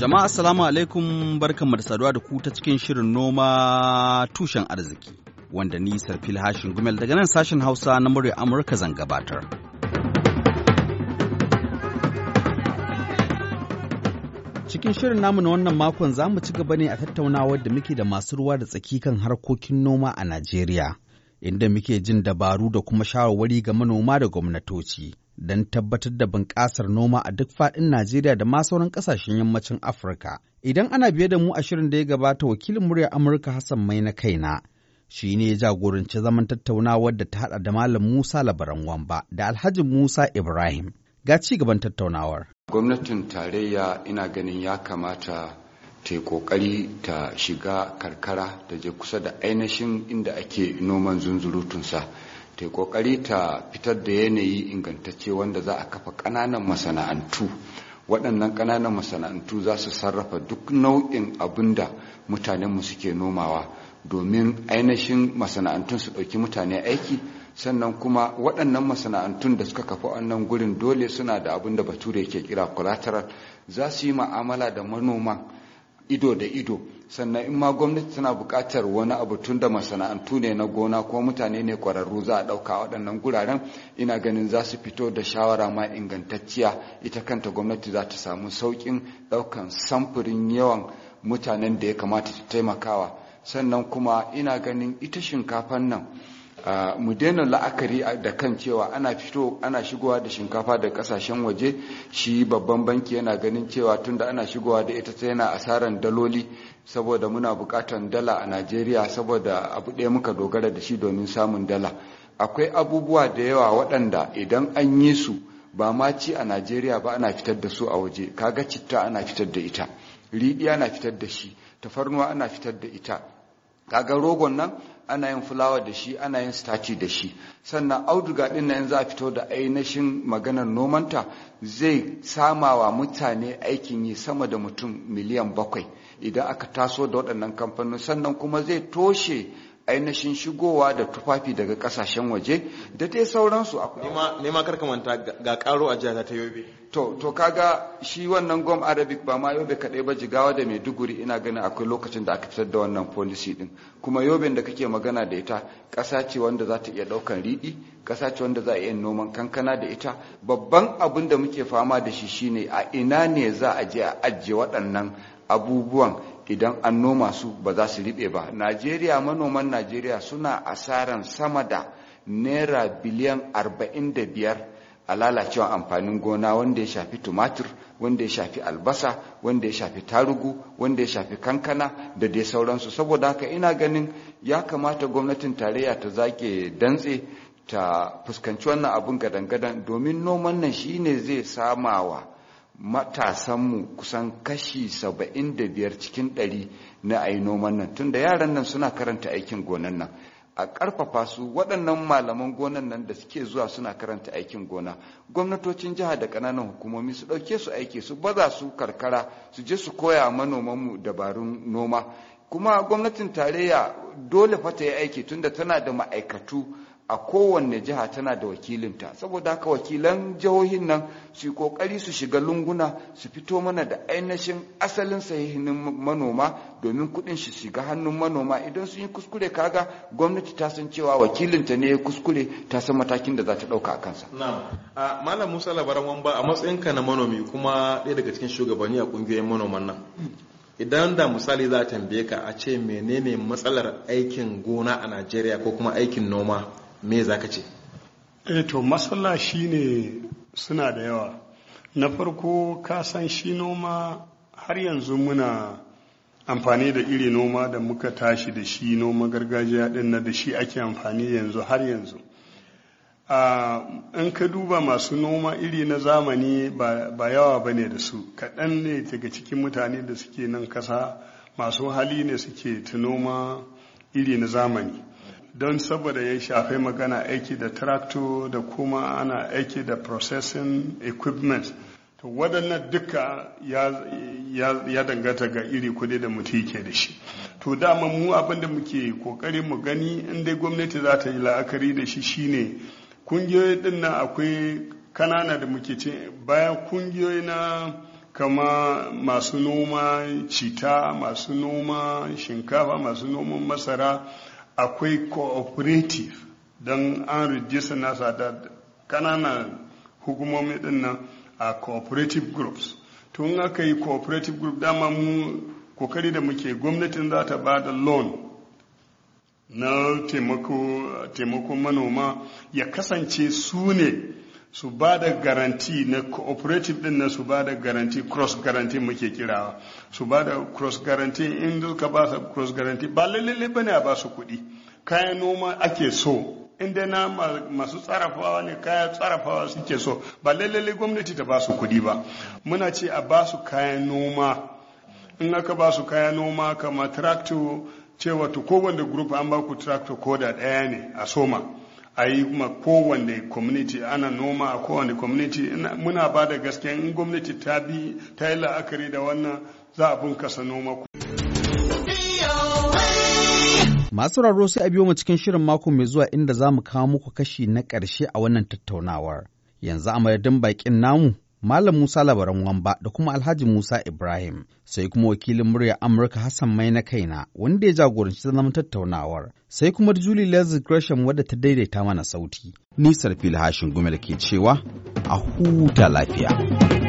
Jama'a assalamu alaikum barkanmu da saduwa da ku ta cikin shirin noma tushen arziki wanda ni Sarfil Hashin Gumel daga nan sashen Hausa na murya Amurka zan gabatar. Cikin shirin namu na wannan makon za mu ci gaba ne a tattaunawar da muke da masu ruwa da tsaki kan harkokin noma a Najeriya, inda muke jin dabaru da kuma shawarwari ga manoma da gwamnatoci. don tabbatar da bunƙasar noma a duk faɗin Najeriya da ma sauran ƙasashen yammacin Afirka. Idan ana biye da mu a shirin da ya gabata wakilin murya Amurka Hassan Mai na kaina shi ne ya jagoranci zaman tattaunawar da ta haɗa da Malam Musa Labaran Wamba da Alhaji Musa Ibrahim. Ga ci gaban tattaunawar. Gwamnatin tarayya ina ganin ya kamata ta yi ƙoƙari ta shiga karkara ta je kusa da ainihin inda ake noman zunzurutunsa. ta kokari ta fitar da yanayi ingantacce wanda za a kafa ƙananan masana'antu waɗannan ƙananan masana'antu za su sarrafa duk nau'in abin da mutanenmu suke nomawa domin ainihin masana'antun su ɗauki mutane aiki sannan kuma waɗannan masana'antun da suka kafa wannan gurin dole suna da abin da bature ke kira collateral za su yi ma'amala da manoma ido da ido sannan in ma gwamnati tana buƙatar wani abu tun da masana'antu ne na gona ko mutane ne ƙwararru za a ɗauka waɗannan guraren ina ganin za su fito da shawara ma ingantacciya ita kanta gwamnati za ta samu sauƙin ɗaukan samfurin yawan mutanen da ya kamata ta taimakawa sannan kuma ina ganin ita shinkafan nan mu daina la'akari da kan cewa ana fito ana shigowa da shinkafa da kasashen waje shi babban banki yana ganin cewa tunda ana shigowa da ita ta yana asaran daloli saboda muna bukatan dala a najeriya saboda abu ɗaya muka dogara da shi domin samun dala akwai abubuwa da yawa waɗanda idan an yi su ba ma ci a najeriya ba ana fitar da su a waje kaga citta ana fitar da ita riɗi ana fitar da shi tafarnuwa ana fitar da ita kaga rogon nan ana yin fulawa da shi ana yin stati da shi sannan auduga din nan za a fito da ainihin maganar nomanta zai samawa mutane aikin yi sama da mutum miliyan bakwai idan aka taso da waɗannan kamfanin sannan kuma zai toshe ainihin shigowa da tufafi daga kasashen waje da dai sauransu akwai nema manta ga karo a jihar ta yobe to to kaga shi wannan gom arabic ba ma yobe kadai ba jigawa da maiduguri ina ganin akwai lokacin da aka fitar da wannan policy din kuma yobe da kake magana da ita kasa ce wanda za ta iya daukan riɗi kasa ce wanda za a iya noman kankana da ita babban abin da muke fama da shi shine a ina ne za a je a ajiye waɗannan abubuwan idan an noma su ba za su riɓe ba najeriya manoman najeriya suna asaran sama da naira biliyan 45 a lalacewa amfanin gona wanda ya shafi tumatir wanda ya shafi albasa wanda ya shafi tarugu wanda ya shafi kankana da dai sauransu saboda haka ina ganin ya kamata gwamnatin tarayya ta zake dantse ta fuskanci wannan abun gadan-gadan domin noman nan shine zai samawa matasanmu kusan kashi saba'in da biyar cikin ɗari na ayi noman nan tunda yaran nan suna karanta aikin gonan nan a ƙarfafa su waɗannan malaman gonan nan da suke zuwa suna karanta aikin gona gwamnatocin jiha da ƙananan hukumomi su ɗauke su aiki su baza su karkara su je su koya manomanmu dabarun noma kuma gwamnatin tarayya dole fa ta yi aiki tunda tana da ma'aikatu a kowanne jiha tana da wakilinta saboda haka wakilan jihohin nan su yi kokari su shiga lunguna su fito mana da ainihin asalin sahihin manoma domin kudin shi shiga hannun manoma idan sun yi kuskure kaga gwamnati ta san cewa wakilinta ne ya kuskure ta san matakin da za ta dauka a kansa na'am malam Musa labaran wamba a matsayin ka na manomi kuma ɗaya daga cikin shugabanni a kungiyoyin manoman nan idan da misali za a tambaye ka a ce menene matsalar aikin gona a Najeriya ko kuma aikin noma me za ka ce eh to matsala ne suna da yawa na farko ka san shi noma har yanzu muna amfani da iri noma da muka tashi da shi noma gargajiya din na da shi ake amfani yanzu har yanzu ah, in ka duba masu noma iri na zamani ba yawa ba ne da su kaɗan ne daga cikin mutane da suke nan kasa masu hali ne suke ta noma iri na zamani don saboda ya shafi magana aiki da tractor da kuma ana aiki da processing equipment to waɗannan duka ya danganta ga iri kuɗi da mutu yake da shi to dama mu abinda muke kokari mu gani in gwamnati za ta yi la'akari da shi shine kungiyoyi din nan akwai kanana da muke ce bayan kungiyoyi na kama masu noma cita masu noma shinkafa masu noman masara akwai cooperative don an reduce nasa da kananan hukumomi din nan a cooperative groups tun aka yi cooperative group dama mu kokari da muke gwamnatin za ta ba da loan na taimako manoma ya kasance su ne su ba da garanti na cooperative din na su ba da garanti cross garanti muke kirawa su ba da cross garanti in duka ba su cross garanti ba lalle bane a ba su kuɗi kayan noma ake so in dai na masu tsarafawa ne kayan tsarafawa suke so ba lalle gwamnati ta ba su kuɗi ba muna ce a ba su kayan noma in aka ba su kayan noma kama tractor cewa to kowanne group an ba ku tractor koda ɗaya ne a soma a yi kuma kowane community ana noma a kowane community muna ba da gaske in gwamnati ta bi ta yi la'akari da wannan za a bunkasa noma ku. Masu raro sai a biyo mu cikin shirin mako mai zuwa inda za mu kawo muku kashi na ƙarshe a wannan tattaunawar. Yanzu a madadin baƙin namu Malam Musa Labaran Wamba da kuma Alhaji Musa Ibrahim sai kuma wakilin murya Amurka Hassan Mai na kaina wanda ya jagoranci zaman tattaunawar sai kuma Julie Leslie Gresham wadda ta daidaita mana sauti. Nisar Filhashin Gumel ke cewa a huta lafiya.